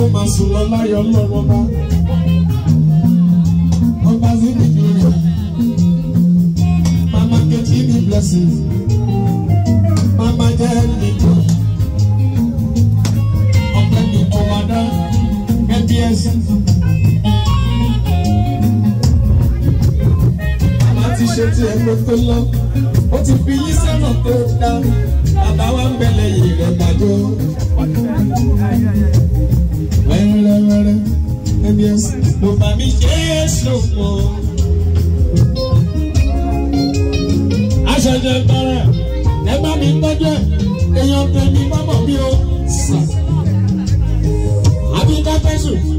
kó máa sùn lọ láyọ̀ lọ́wọ́ bá. Ọba Zidikiri, Mama Kechini blessings, Mama Jẹ́ni Jọ, Ọ̀gbẹ́ni Ọ̀wádá, MBS. Mama ti ṣe tiẹ̀ lóko lọ, ó ti mi ẹ bá mi ẹ̀ mi o.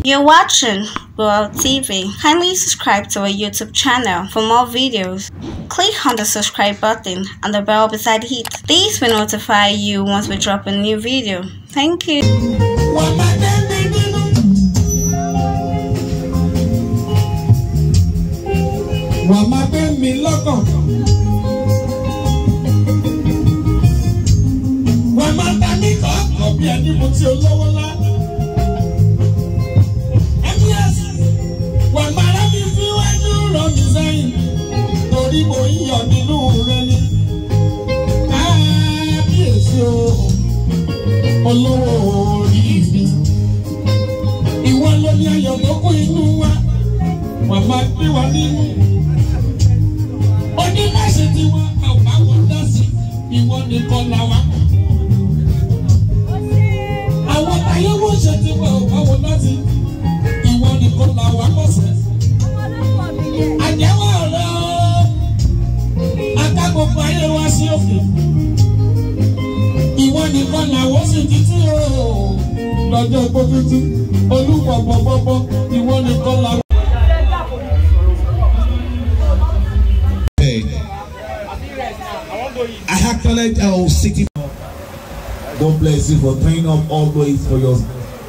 You're watching World TV. Kindly subscribe to our YouTube channel for more videos. Click on the subscribe button and the bell beside it. These will notify you once we drop a new video. Thank you. wàá máa gbé mi lọ́kàn. wàá máa ta mí kọ́kọ́ bí ẹni mo ti olówó lá. ms wàá máa rẹ́ mi síwájú rọ mi sẹ́yìn torí mo ń yọ nínú rẹ ni. káàbíyèsí o olówó. gbé wa ní ìwọ. oníláṣẹ tí wọn a ò bá wọn dá sí ìwọ nìkan la wá. àwọn táyé wọ́n ṣe tí wọn ò bá wọn dá sí ìwọ nìkan la lọ́sẹ̀. àjẹwọ́ ọ̀rọ̀ akágbogbo ayé wa sí òkè. ìwọ nìkan làwọn sì ti tú o lọ́jọ́ gbójútú olúwọ̀ bọ̀bọ̀bọ̀ ìwọ nìkan làwọn. College of City. God bless you for turning up always for your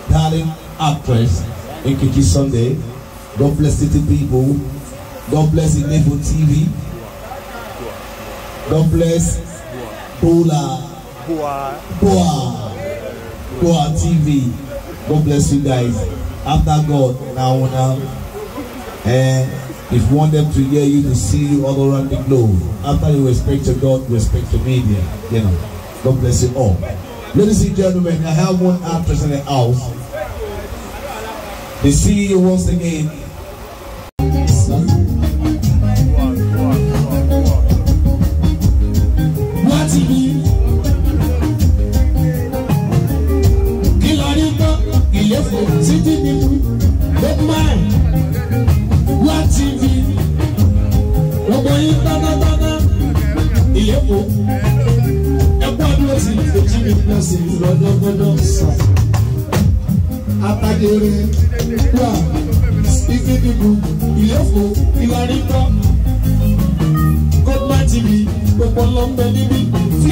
darling actress Nkechi Sunday. God bless City people. God bless Inevo TV. God bless Bola Boa Boa Boa TV. God bless you guys. After God, now now. Eh, If you want them to hear you, to see you all around the globe. After you respect your God, respect the media. You know. God bless you all. Ladies and gentlemen, I have one actress in the house. The CEO once again ẹ̀kọ́ ọdún sì ojú mi lọ sí lọ́dọ́gbọ́dọ́ sà. Atagere wà ife bíbu ìlẹ́fọ̀ ìwà rí kọ́. Kọ́pá TV gbogbo ọlọ́mọbẹ níbí tí